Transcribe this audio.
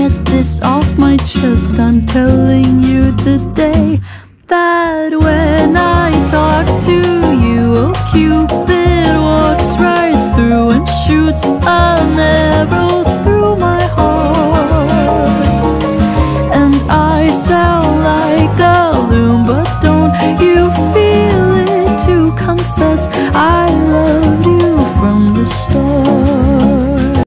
get this off my chest. I'm telling you today that when I talk to you, oh Cupid walks right through and shoots an arrow through my heart. And I sound like a loon, but don't you feel it to confess I loved you from the start.